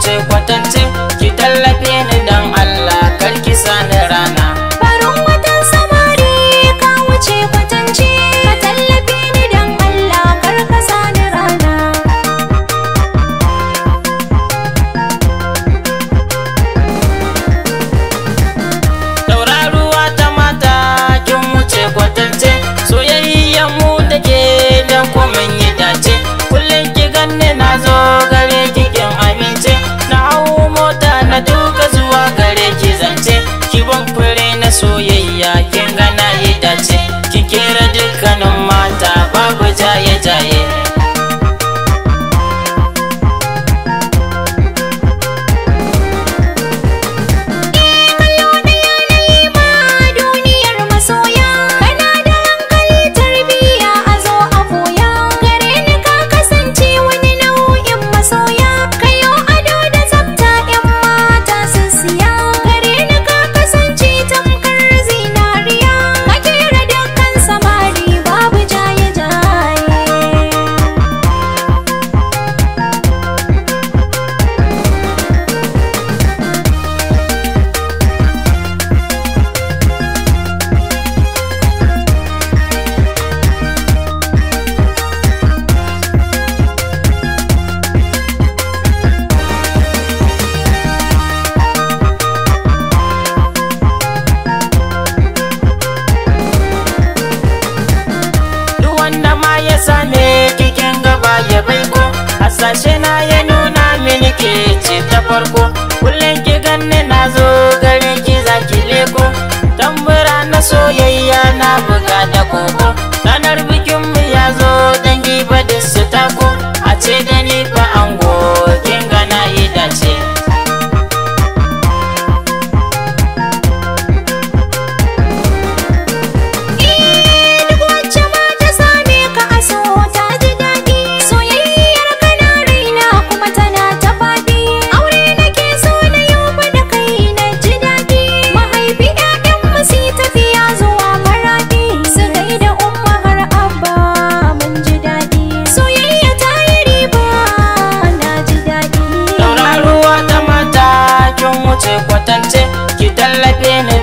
只怪。É soy me kikin gaba ya bai baiko hasashe na ya nuna mini ke ce ta farko kullum ki ganni na zo latin